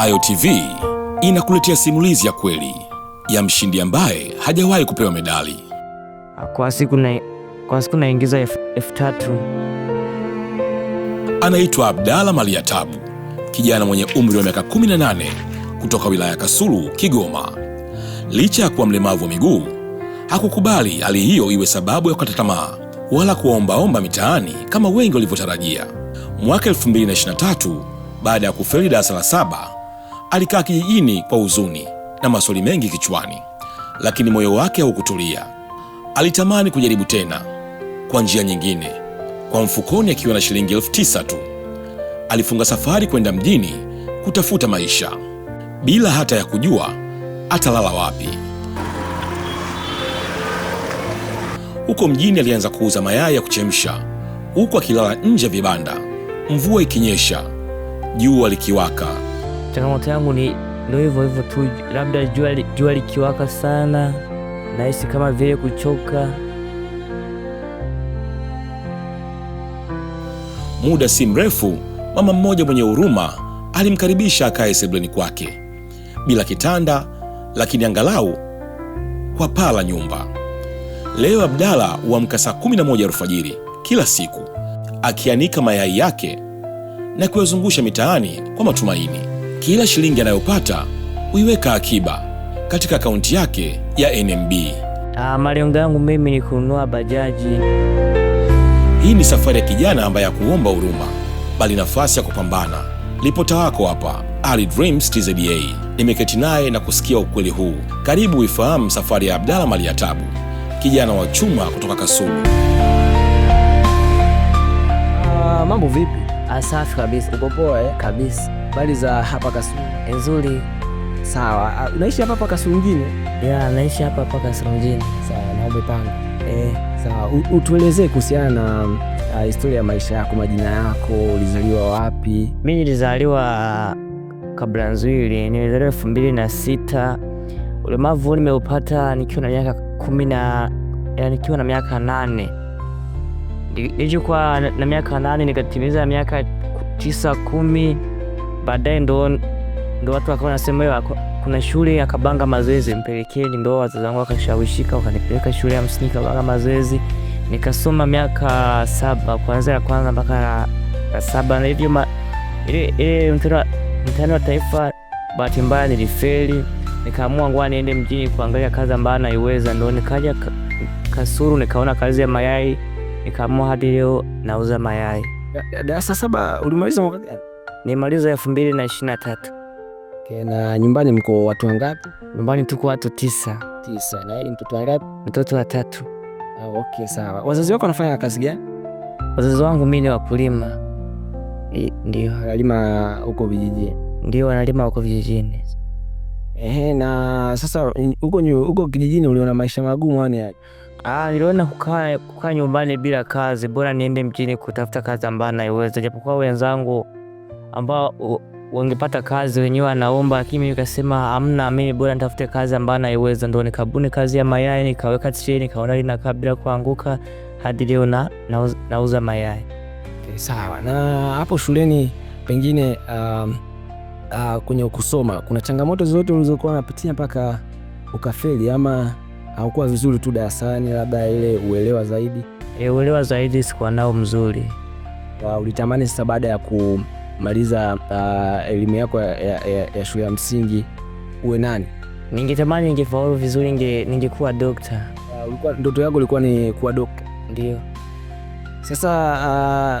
AyoTV inakuletea simulizi ya kweli ya mshindi ambaye hajawahi kupewa medali. Kwa siku na kwa siku naingiza elfu tatu. Anaitwa Abdalla Tabu, kijana mwenye umri wa miaka 18 kutoka wilaya ya Kasulu, Kigoma. Licha ya kuwa mlemavu wa miguu, hakukubali hali hiyo iwe sababu ya kukata tamaa wala kuwaombaomba mitaani kama wengi walivyotarajia. Mwaka 2023 baada ya kufeli darasa la saba Alikaa kijijini kwa huzuni na maswali mengi kichwani, lakini moyo wake haukutulia. Alitamani kujaribu tena kwa njia nyingine, kwa mfukoni akiwa na shilingi elfu tisa tu. Alifunga safari kwenda mjini kutafuta maisha, bila hata ya kujua atalala wapi. Huko mjini alianza kuuza mayai ya kuchemsha, huku akilala nje ya vibanda, mvua ikinyesha, jua likiwaka. Changamoto yangu ni ndio hivyo hivyo tu, labda jua likiwaka sana nahisi kama vile kuchoka. Muda si mrefu, mama mmoja mwenye huruma alimkaribisha akae sebuleni kwake, bila kitanda, lakini angalau kwa paa la nyumba. Leo abdala huamka saa 11 alfajiri kila siku, akianika mayai yake na kuyazungusha mitaani kwa matumaini. Kila shilingi anayopata huiweka akiba katika akaunti yake ya NMB. Ah, malengo yangu mimi ni kununua bajaji. Hii ni safari ya kijana ambaye hakuomba huruma, bali nafasi ya kupambana. lipota wako hapa Ali Dreams TZA nimeketi naye na kusikia ukweli huu. Karibu uifahamu safari ya Abdalla Maliatabu, kijana wa chuma kutoka Kasumu. Uh, mambo vipi? Asafi ah, kabisa. Uko poa eh? kabisa bali za hapa Kasulu? Eh, nzuri. Sawa. Ah, unaishi hapa hapa Kasulu mjini? Yeah, naishi hapa hapa Kasulu mjini. Sawa, na umepanga? Eh, sawa. Utuelezee kuhusiana na uh, historia ya maisha yako, majina yako, ulizaliwa wapi? Mimi nilizaliwa kabla nzuri. nilizaliwa elfu mbili na sita. Ulemavu nimeupata nikiwa na miaka kumi na nikiwa na miaka nane nilichokuwa na miaka nane nikatimiza miaka tisa kumi baadaye ndo ndo watu wakawa nasema hiyo kuna shule akabanga mazoezi mpelekeni, ndo wazazi wangu wakashawishika wakanipeleka shule ya msingi kabanga mazoezi nikasoma miaka saba kuanzia ya kwanza mpaka la saba, na hivyo ile mtihani wa taifa bahati mbaya nilifeli, nikaamua ngoja niende mjini kuangalia kazi ambayo naiweza, ndo nikaja Kasuru nikaona kazi ya mayai, nikaamua hadi leo nauza mayai. Darasa saba ulimaliza mwaka gani? nimaliza elfu mbili na ishirini na tatu. na nyumbani mko watu wangapi? Nyumbani tuko watu tisa. Tisa. Na yeye mtoto wangapi? Mtoto wa tatu. Ah, okay, sawa. Wazazi wako wanafanya kazi gani? Wazazi wangu mimi ni wakulima. Ndio, Wanalima huko vijijini. Ndio, wanalima huko vijijini. Ehe, na sasa huko huko kijijini uliona maisha magumu yani yaje? Ah, niliona kukaa kukaa nyumbani bila kazi, bora niende mjini kutafuta kazi ambayo naiweza, japokuwa wenzangu ambao wangepata kazi wenyewe anaomba lakini mimi nikasema amna, mimi bora nitafute kazi ambayo naiweza. Ndo nikabuni kazi ya mayai, nikaweka trei, nikaona linakaa bila kuanguka, hadi leo na, nauza mayai. Okay, eh, sawa. Na hapo shuleni pengine um, uh, kwenye kusoma kuna changamoto zote ulizokuwa unapitia mpaka ukafeli, ama haukuwa vizuri tu darasani, labda ile uelewa zaidi? E, uelewa zaidi sikuwa nao mzuri. Ulitamani sasa baada ya ku maliza uh, elimu yako ya, ya, ya, ya shule ya msingi uwe nani? Ningetamani ningefaulu vizuri, ningekuwa dokta. Uh, ndoto yako ilikuwa ni kuwa dokta? Ndio. Sasa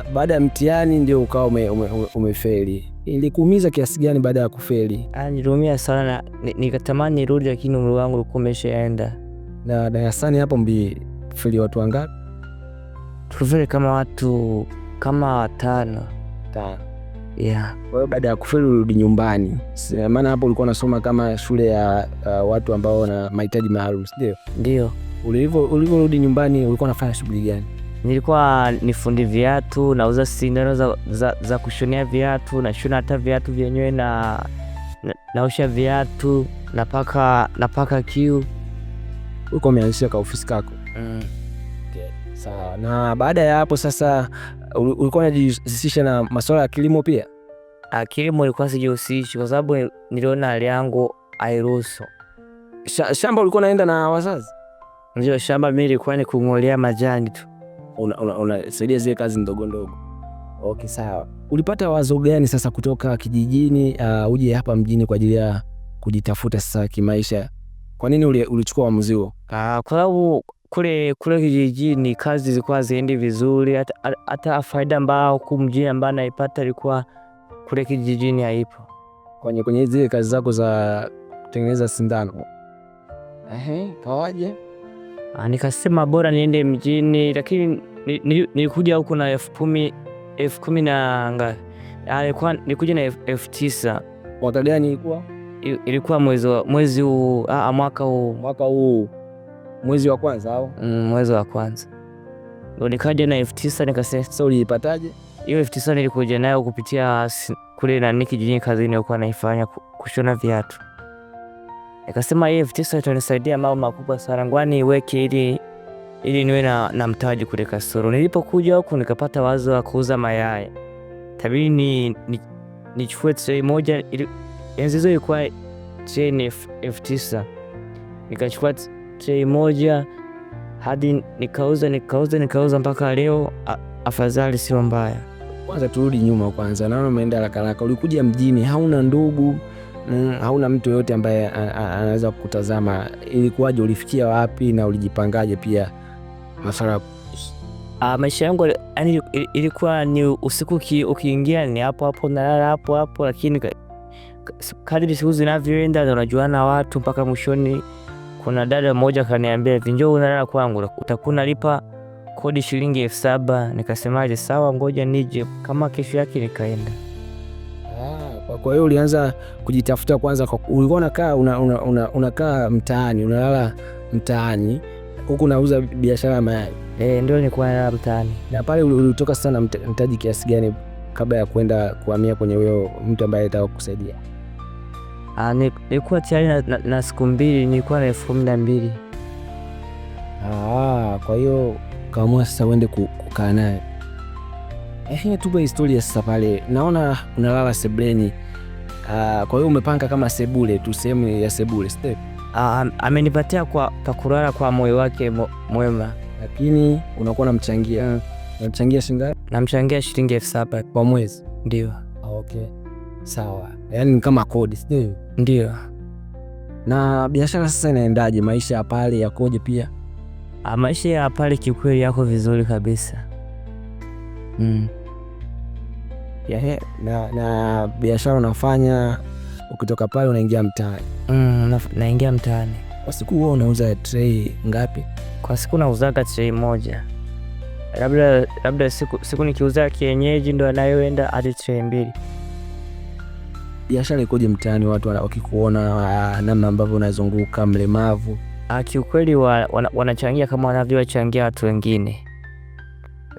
uh, baada ya mtihani ndio ukawa ume, ume, umefeli. Ilikuumiza kiasi gani baada ya kufeli? Ah, niliumia sana, nikatamani nirudi, lakini umri wangu ulikuwa umeshaenda. Na darasani hapo mlifeli watu wangapi? Tulifeli kama watu kama watano. Tano. Yeah. Kwa hiyo baada ya kufeli urudi nyumbani, maana hapo ulikuwa unasoma kama shule ya uh, watu ambao wana mahitaji maalum, si ndio? Ndio. Ulivyorudi nyumbani ulikuwa unafanya shughuli gani? Nilikuwa ni fundi viatu, nauza sindano za, za, za kushonea viatu, nashona hata viatu vyenyewe na naosha na viatu, napaka napaka kiu. Ulikuwa umeanzisha ka ofisi kako? Mm. Okay. Sawa. Na baada ya hapo sasa ulikuwa unajihusisha na masuala ya kilimo pia? Ah, kilimo ilikuwa sijihusishi kwa sababu niliona hali yangu hairuhusu. Shamba ulikuwa unaenda na wazazi? Ndio, shamba mi ilikuwa ni kung'olea majani tu. Unasaidia una, una, zile kazi ndogo ndogo. Okay, sawa. Ulipata wazo gani sasa kutoka kijijini uh, uje hapa mjini kwa ajili ya kujitafuta sasa kimaisha? Kwa nini ulichukua uamuzi huo? Ah, kwa sababu kule kule kijijini kazi zilikuwa ziendi vizuri, hata faida ambayo kumjini ambayo anaipata ilikuwa kule kijijini haipo. Kwenye kwenye zile kazi zako za kutengeneza sindano kawaje? Ah, nikasema bora niende mjini, lakini nilikuja huku na elfu kumi elfu kumi na ngapi, ah, nilikuja na elfu tisa Mwaka gani ilikuwa? Ilikuwa mwezi huu, ah, mwaka huu, mwaka huu mwezi wa kwanza au? Mm, mwezi wa kwanza ndio nikaja na elfu tisa nikasema, sasa uliipataje hiyo elfu tisa? Nilikuja nayo kupitia kule na niki jijini kazini nilikuwa naifanya kushona viatu. Nikasema hii elfu tisa itanisaidia mambo makubwa sana, ngwani iweke ili ili niwe na, na mtaji kule kasoro. Nilipokuja huku nikapata wazo la kuuza mayai, tabidi ni, ni, nichukue trei moja, enzi hizo ilikuwa trei elfu tisa nikachukua trei moja hadi nikauza nikauza nikauza mpaka leo. Afadhali sio mbaya. Kwanza turudi nyuma kwanza, naona umeenda haraka haraka. Ulikuja mjini, hauna ndugu, hauna mtu yoyote ambaye anaweza kukutazama. Ilikuwaje? ulifikia wapi na ulijipangaje? Pia masara maisha yangu yani, ilikuwa ni usiku ukiingia ni hapo hapo nalala hapo hapo, lakini kadiri siku zinavyoenda unajuana watu mpaka mwishoni kuna dada mmoja kaniambia hivi, njoo unalala kwangu utakuna lipa kodi shilingi elfu saba. Nikasemaje, sawa, ngoja nije. Kama kesho yake nikaenda. Ah, kwa hiyo ulianza kujitafuta kwanza. Ulikuwa unakaa unakaa una, una mtaani unalala mtaani huku nauza biashara ya mayai e, ndio nilikuwa nalala mtaani. Na pale ulitoka sana mtaji kiasi gani kabla ya kwenda kuhamia kwenye huyo mtu ambaye atakusaidia? Ah, nikuwa nilikuwa tayari na, na, na siku mbili nilikuwa na elfu kumi na mbili. Ah, kwa hiyo kaamua sasa uende kukaa naye. Eh, tupe historia sasa pale. Naona unalala sebuleni. Ah, kwa hiyo umepanga kama sebule tu sehemu ya sebule, step. Ah, amenipatia kwa pakulala kwa moyo wake mwema. Lakini unakuwa unamchangia. Unamchangia shilingi ngapi? Namchangia shilingi elfu saba kwa mwezi. Ndio. Ah, okay. Sawa yani ni kama kodi, sijui ndio. Na biashara sasa inaendaje? maisha ya pale yakoje? Pia ah, maisha ya pale kikweli yako vizuri kabisa mm. Yeah, na, na biashara unafanya ukitoka pale unaingia mtaani mm, naingia mtaani. Kwa siku huwa unauza trei ngapi? Kwa siku nauzaga trei moja, labda labda siku, siku nikiuza kienyeji ndo anayoenda hadi trei mbili biashara ikoje mtaani, watu wakikuona uh, namna ambavyo unazunguka mlemavu? Ah, kiukweli wanachangia wana kama wanavyowachangia watu wengine,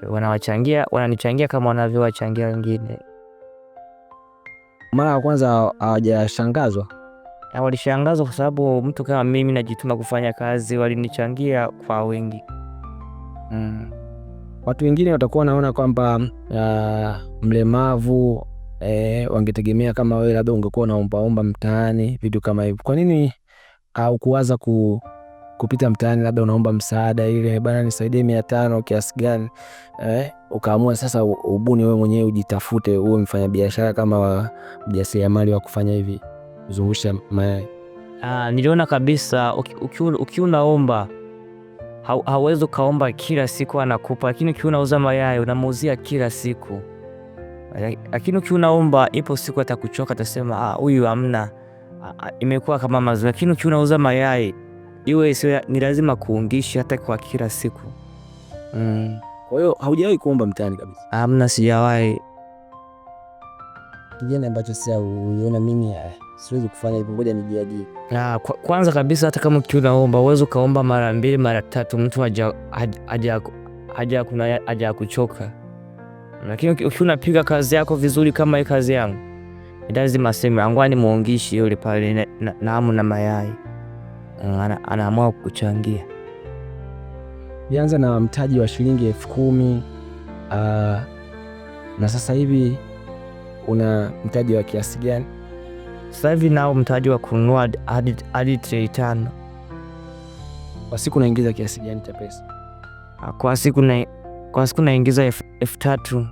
wanawachangia wananichangia kama wanavyowachangia wengine. Mara ya kwanza uh, hawajashangazwa, ah, walishangazwa kwa sababu mtu kama mimi najituma kufanya kazi, walinichangia kwa wingi mm. Watu wengine watakuwa wanaona kwamba uh, mlemavu eh, wangetegemea kama wewe labda ungekuwa unaombaomba mtaani vitu kama hivyo. Kwa nini au kuwaza ku, kupita mtaani labda unaomba msaada ile bana, nisaidie mia tano kiasi gani eh, ukaamua sasa ubuni wewe mwenyewe ujitafute uwe mfanyabiashara kama mjasiriamali wa kufanya hivi zungusha mayai. Ah, niliona kabisa ukiwa uki unaomba hauwezi ukaomba kila siku anakupa, lakini ukiwa unauza mayai unamuuzia kila siku lakini ukiwa unaomba, ipo siku atakuchoka, atasema ah, huyu hamna, imekuwa kama mazoea. Lakini ukiwa unauza mayai, iwe sio, ni lazima kuungisha hata kwa kila siku mm. Kwa hiyo haujawahi kuomba mtaani kabisa? Hamna, sijawahi. Kijana ambacho sasa uiona mimi eh, siwezi kufanya hivyo, ngoja nijiajiri. Ah, kwanza kabisa hata kama ukiwa unaomba, uweze ukaomba mara mbili mara tatu, mtu haja haja haja kuna haja kuchoka lakini ukiwa unapiga kazi yako vizuri kama hii kazi yangu, lazima sema angwani muongishi yule pale na, na, na na mayai ana, anaamua kuchangia. Nianza na mtaji wa shilingi elfu kumi uh, na sasa hivi una mtaji wa kiasi gani? Sasa hivi nao mtaji wa kununua hadi trei tano. Kwa siku naingiza kiasi gani cha pesa? Kwa siku na kwa siku naingiza elfu tatu.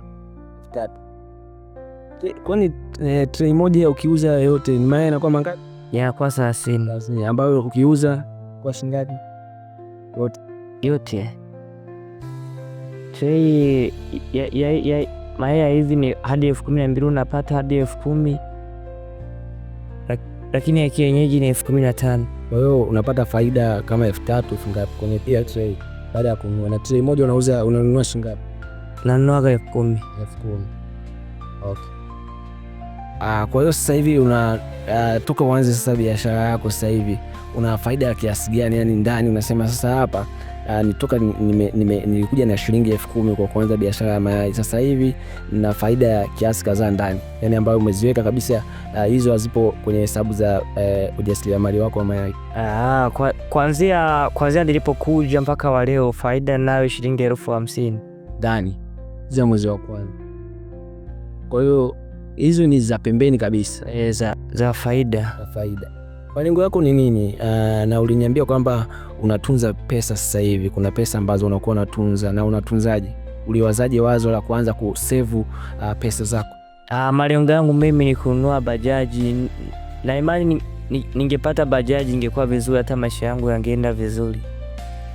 Kwani eh, trei moja ukiuza yote ni maana inakuwa mangapi? Ya kwa thelathini, ambayo ukiuza kwa shingapi yote Yote trei mayaya hivi ni hadi elfu kumi na mbili unapata hadi elfu kumi lakini ya kienyeji ni elfu kumi na tano. Kwa hiyo unapata faida kama elfu tatu ngapi kwenye pia trei? baada ya kununua. Na trei moja unauza unanunua shilingi ngapi? Nanunua elfu kumi. Elfu kumi. Okay. Ah, kwa hiyo sasa hivi una uh, toka uanze sasa biashara yako sasa hivi una faida ya kiasi gani? Yani ndani unasema sasa hapa Ah, nitoka nilikuja na shilingi elfu kumi kwa kuanza biashara ya mayai. Sasa hivi na faida ya kiasi kadhaa ndani, yani ambayo umeziweka kabisa ah, hizo, hazipo kwenye hesabu za uh, ujasiriamali wako wa mayai. Ah, kwanzia kwanzia nilipokuja mpaka wa leo faida nayo shilingi elfu hamsini ndani za mwezi wa kwanza. Kwa hiyo hizo ni za pembeni kabisa eh, za, za faida za faida. Malengo yako ni nini? Uh, na uliniambia kwamba unatunza pesa sasa hivi, kuna pesa ambazo unakuwa unatunza na unatunzaje? Uliwazaje wazo la kuanza kusevu uh, pesa zako? Ah, malengo yangu mimi ni kununua bajaji na imani ningepata bajaji ingekuwa vizuri, hata maisha yangu yangeenda vizuri.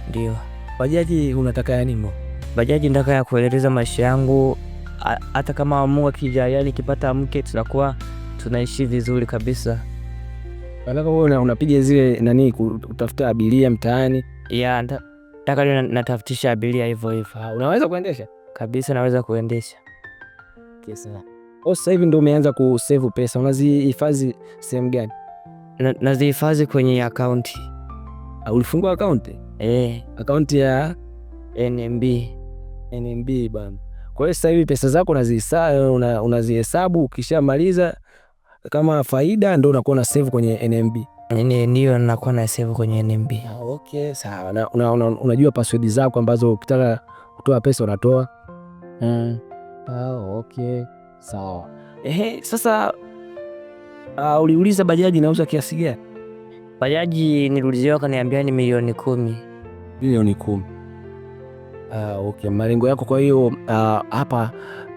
Ndio. Bajaji unataka ya nini? Bajaji nataka ya kueleza maisha yangu, hata kama Mungu akijalia nikipata mke, tunakuwa tunaishi vizuri kabisa. Wewe unapiga zile nani kutafuta abiria mtaani? Ya, nataka na, natafutisha abiria hivyo hivyo. Unaweza kuendesha? Kabisa naweza kuendesha. Okay, oh, Sasa hivi ndio umeanza ku save pesa, unazihifadhi sehemu gani? Nazihifadhi kwenye akaunti. Ah, ulifungua akaunti? Eh, akaunti ya NMB. NMB bana. Kwa hiyo sasa hivi pesa zako unazihesabu, unazihesabu ukishamaliza kama faida ndio unakuwa na save kwenye NMB? Ndio nakuwa na save kwenye NMB. Ah, okay, sawa. Na una, una, unajua password zako ambazo ukitaka kutoa pesa unatoa? Mm. Ah, okay. Sawa. Ehe, sasa uh, uliuliza bajaji inauza kiasi gani? Bajaji niliuliziwa kaniambia ni milioni kumi. Milioni kumi. Ah, okay. Malengo yako kwa hiyo ah, hapa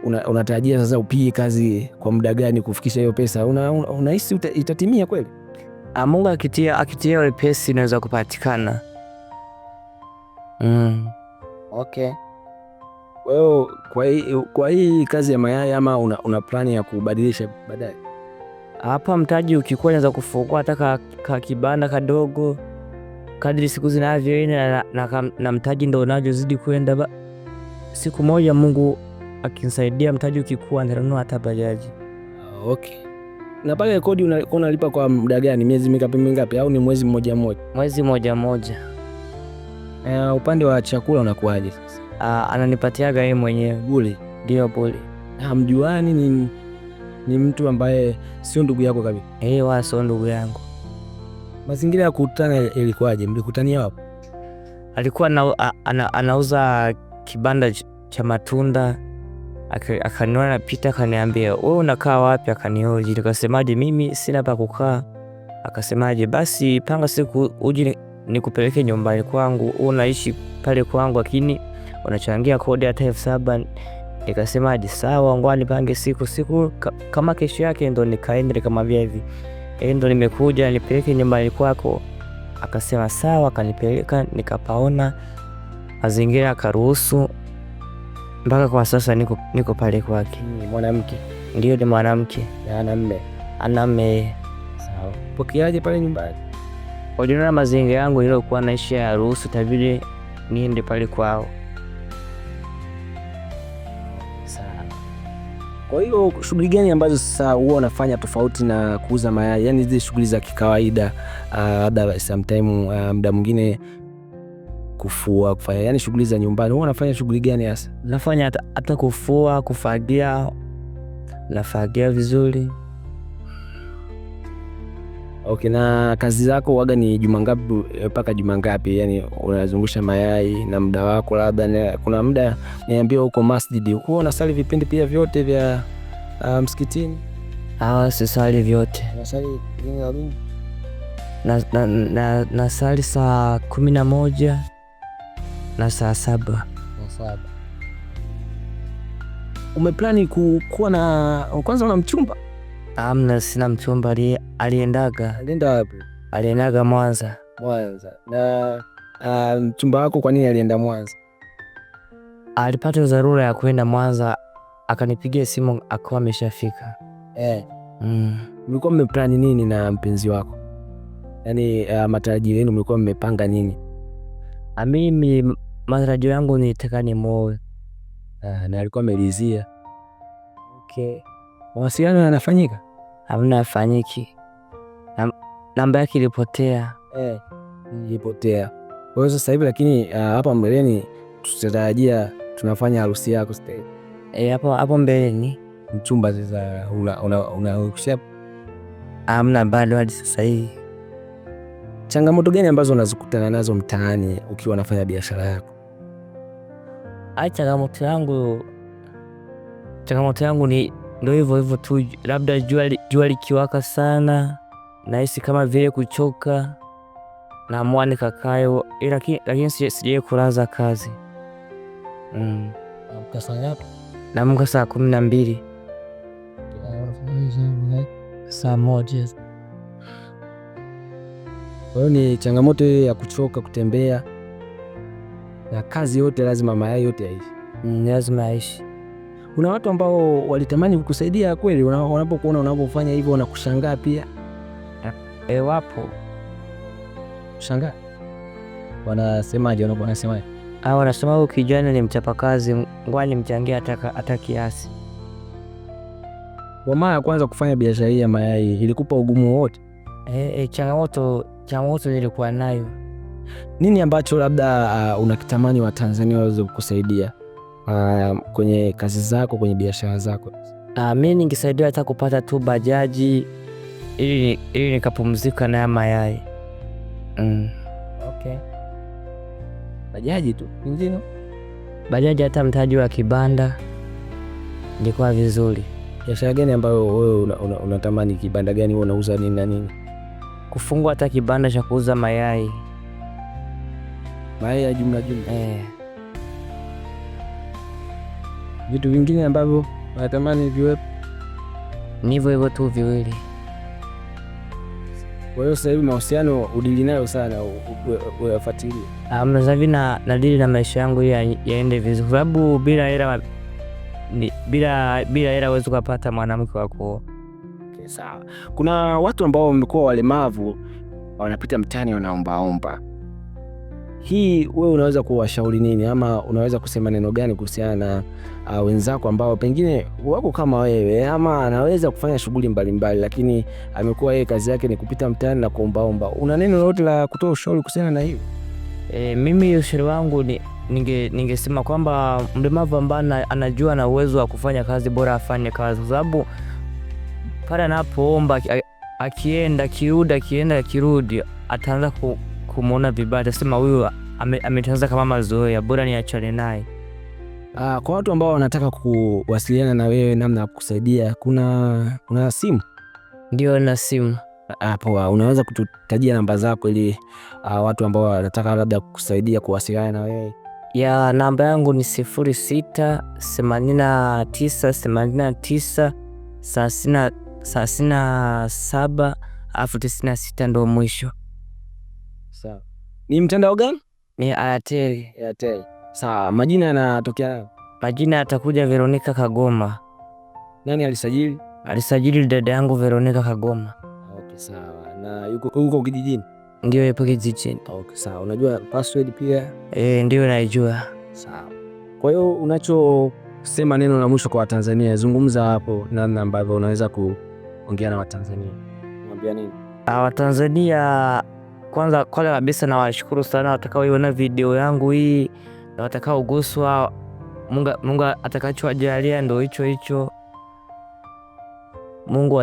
unatarajia una sasa upige kazi kwa muda gani kufikisha hiyo pesa, unahisi una, una itatimia kweli? Ah, Mungu akitia akitia ile pesa inaweza kupatikana. Mm. Okay. Wewe kwa hii kwa hii kazi ya mayai ama una, una plani ya kubadilisha baadaye? Hapa mtaji ukikuwa unaweza kufungua hata ka, ka kibanda kadogo kadri siku zinavyoenda na, na, na, na mtaji ndo unavyozidi kwenda, siku moja Mungu akinisaidia, mtaji ukikua nitanunua hata bajaji. Okay. Na pale kodi unalipa kwa muda gani? Miezi mingapi mingapi, au ni mwezi mmoja mmoja? Mwezi mmoja mmoja. Uh, upande wa chakula unakuaje sasa? Uh, ananipatiaga yeye mwenyewe bure. Ndio buli Hamjuani? Ni, ni mtu ambaye sio ndugu yako kabisa? Eh, wala sio ndugu yangu. Mazingira ya kukutana ilikuwaje? Mlikutania wapo Alikuwa na, a, ana, anauza kibanda cha matunda akaniona napita, akaniambia wewe unakaa wapi? Akanihoji, nikasemaje mimi sina pa kukaa. Akasemaje basi panga siku uji nikupeleke nyumbani kwangu, unaishi pale kwangu, lakini unachangia kodi hata elfu saba. Nikasemaje sawa, ngoja nipange siku. Siku ka, kama kesho yake ndo nikaenda, nikamwambia hivi e, ndo nimekuja nipeleke nyumbani kwako. Akasema sawa, akanipeleka nikapaona mazingira akaruhusu mpaka kwa sasa niko, niko pale kwake. Mwanamke ndio, ni mwanamke ana mme. Ana mme. Sawa. Pokeaje pale nyumbani? Wajua mazingira yangu niliokuwa naishi ya ruhusu tabidi niende pale kwao. Kwa hiyo shughuli gani ambazo sasa huwa unafanya tofauti na kuuza mayai, yaani zile shughuli za kikawaida ah, labda, uh, sometime uh, muda mwingine kufua, kufanya yani shughuli za nyumbani. Wewe unafanya shughuli gani hasa? Nafanya hata kufua, kufagia, nafagia vizuri. Okay, na kazi zako waga ni juma ngapi mpaka juma ngapi? Yani unazungusha mayai na muda wako, labda kuna muda niambia huko masjid huwa unasali vipindi pia vyote vya uh, msikitini? Ah, sisali vyote. Unasali lini na lini? Na, na, na, nasali saa kumi na moja na saa saba na saba. Umeplani kuwa na kwanza, una mchumba? Amna, sina mchumba. Aliendaga alienda wapi? Aliendaga Mwanza. Mwanza. Na mchumba wako kwa nini alienda Mwanza? Alipata dharura ya kwenda Mwanza, akanipigia simu akawa ameshafika. Eh. Mm. Mlikuwa mmeplani nini na mpenzi wako? Yaani, uh, matarajio yenu mlikuwa mmepanga nini? Ah, mimi matarajio yangu nilitaka nimuoe ah, na alikuwa amelizia. Okay. Mawasiliano yanafanyika? Hamna, yafanyiki. Namba yake ilipotea. Eh, ilipotea. Kwa hiyo sasa hivi lakini ah, hapa uh, mbeleni tutatarajia tunafanya harusi yako stage. Eh, hapo hapo mbeleni mchumba sasa una una, workshop? bado hadi sasa hivi. Changamoto gani ambazo unazikutana nazo mtaani ukiwa unafanya biashara yako? Ai, changamoto yangu changamoto yangu ni ndo hivyo hivyo tu, labda jua likiwaka sana nahisi kama vile kuchoka, mwani kakae, lakini sijai kulaza kazi mm. Naamka saa kumi na mbili saa moja. Kwa hiyo ni changamoto hiyo ya kuchoka, kutembea na kazi yote lazima mayai yote yaishi. Mm, lazima yaishi. Kuna watu ambao walitamani kukusaidia kweli, wanapokuona unapofanya hivyo wanakushangaa pia. E, wapo shangaa, wanasemaje? Wanasemaje? Ah, wanasema huyu kijana ni mchapakazi, ngwani mchangia hata kiasi. Kwa mara ya kwanza kufanya biashara hii ya mayai ilikupa ugumu wote? E, e, changamoto changamoto nilikuwa nayo nini ambacho labda uh, unakitamani Watanzania waweze kukusaidia uh, kwenye kazi zako, kwenye biashara zako? Uh, mi ningesaidia hata kupata tu bajaji ili ili nikapumzika na mayai mm. Okay. Bajaji tu nzima, bajaji hata mtaji wa kibanda ingekuwa vizuri. Biashara gani ambayo wewe unatamani una, una kibanda gani wewe unauza nini na nini? Kufungua hata kibanda cha kuuza mayai mayai ya jumla jumla. Eh, vitu vingine ambavyo natamani viwepo ni hivyo hivyo tu viwili. Kwa hiyo sasa hivi mahusiano udili nayo sana, uyafuatilie. Amna, ah, sasa hivi na nadili na maisha yangu yaende vizuri, kwa sababu bila hela bila bila hela huwezi kupata mwanamke wako. Okay, sawa. Kuna watu ambao wamekuwa walemavu wanapita mtaani wanaombaomba hii wewe unaweza kuwashauri nini ama unaweza kusema neno gani kuhusiana na uh, wenzako ambao pengine wako kama wewe ama anaweza kufanya shughuli mbalimbali, lakini amekuwa yeye kazi yake ni kupita mtaani na kuombaomba? Una neno lolote la kutoa ushauri kuhusiana na eh, hiyo? E, mimi ushauri wangu ni ningesema ninge kwamba mlemavu ambaye anajua na uwezo wa kufanya kazi bora afanye kazi, kwa sababu pale anapoomba akienda kiuda akienda kirudi ataanza kumuona vibaya, atasema huyu ametangaza kama mazoea, bora niachane naye. Uh, kwa watu ambao wanataka kuwasiliana na wewe namna ya kukusaidia, kuna kuna simu? Ndio, na simu hapo. Ah, Unaweza kututajia namba zako ili uh, watu ambao wanataka labda kukusaidia kuwasiliana na wewe? Ya, namba yangu ni sifuri sita themanini na tisa themanini na tisa thelathini na saba alafu tisini na sita ndo mwisho. Sawa. Ni mtandao gani? Ni Airtel. Airtel. Sawa, majina yanatokea? Majina atakuja Veronica Kagoma. Nani alisajili? Alisajili dada yangu Veronica Kagoma. Okay, sawa. Na yuko huko kijijini? Ndio, yupo kijijini. Okay, sawa. Unajua password pia? Eh, ndio naijua. Sawa. Kwa hiyo unachosema neno la mwisho kwa Watanzania, zungumza hapo namna ambavyo unaweza kuongea na Watanzania. Mwambia nini? Ah, Watanzania kwanza kwanza kabisa nawashukuru sana watakaoiona video yangu hii na watakaoguswa. Mungu, Mungu atakachowajalia ndo hicho hicho. Mungu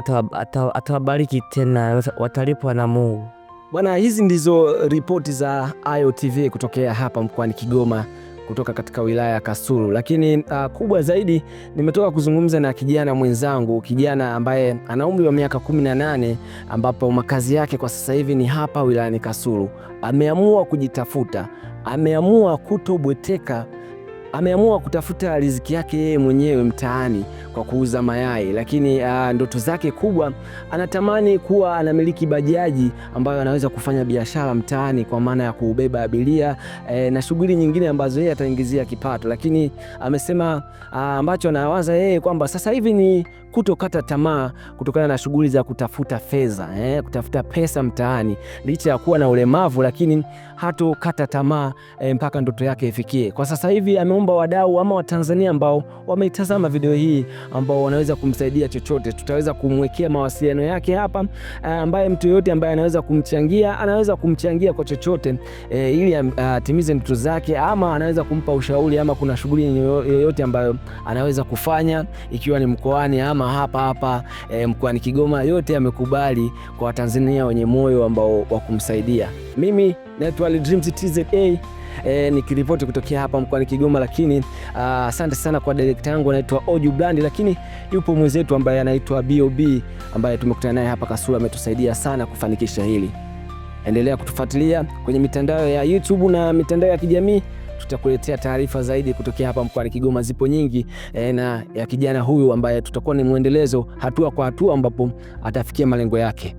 atawabariki tena, watalipwa na Mungu. Bwana, hizi ndizo ripoti za AyoTV kutokea hapa mkoani Kigoma kutoka katika wilaya ya Kasulu. Lakini uh, kubwa zaidi nimetoka kuzungumza na kijana mwenzangu, kijana ambaye ana umri wa miaka 18 ambapo makazi yake kwa sasa hivi ni hapa wilayani Kasulu. Ameamua kujitafuta, ameamua kutobweteka ameamua kutafuta riziki yake yeye mwenyewe mtaani kwa kuuza mayai, lakini uh, ndoto zake kubwa, anatamani kuwa anamiliki bajaji ambayo anaweza kufanya biashara mtaani kwa maana ya kubeba abiria eh, na shughuli nyingine ambazo yeye ataingizia kipato, lakini amesema uh, ambacho anawaza yeye kwamba sasa hivi ni kutokata tamaa kutokana na shughuli za kutafuta fedha eh, kutafuta pesa mtaani. Licha ya kuwa na ulemavu, lakini hatokata tamaa eh, mpaka ndoto yake ifikie. Kwa sasa hivi ameomba wadau ama Watanzania ambao wameitazama video hii ambao wanaweza kumsaidia chochote, tutaweza kumwekea mawasiliano yake hapa, eh, ambaye mtu yoyote ambaye anaweza kumchangia anaweza kumchangia kwa chochote eh, ili atimize uh, ndoto zake, ama anaweza kumpa ushauri ama kuna shughuli yoyote ambayo anaweza kufanya ikiwa ni mkoani ama Kigoma hapa hapa e, mkoani Kigoma, yote amekubali kwa Watanzania wenye moyo ambao wa kumsaidia. Mimi naitwa Dreams TZA e, eh, nikiripoti kutokea hapa mkoani Kigoma, lakini ah, asante sana kwa director yangu anaitwa Oju Blandi, lakini yupo mwenzetu ambaye anaitwa BOB ambaye tumekutana naye hapa Kasulu, ametusaidia sana kufanikisha hili. Endelea kutufuatilia kwenye mitandao ya YouTube na mitandao ya kijamii tutakuletea taarifa zaidi kutokea hapa mkoani Kigoma. Zipo nyingi e, na ya kijana huyu ambaye tutakuwa ni mwendelezo hatua kwa hatua ambapo atafikia malengo yake.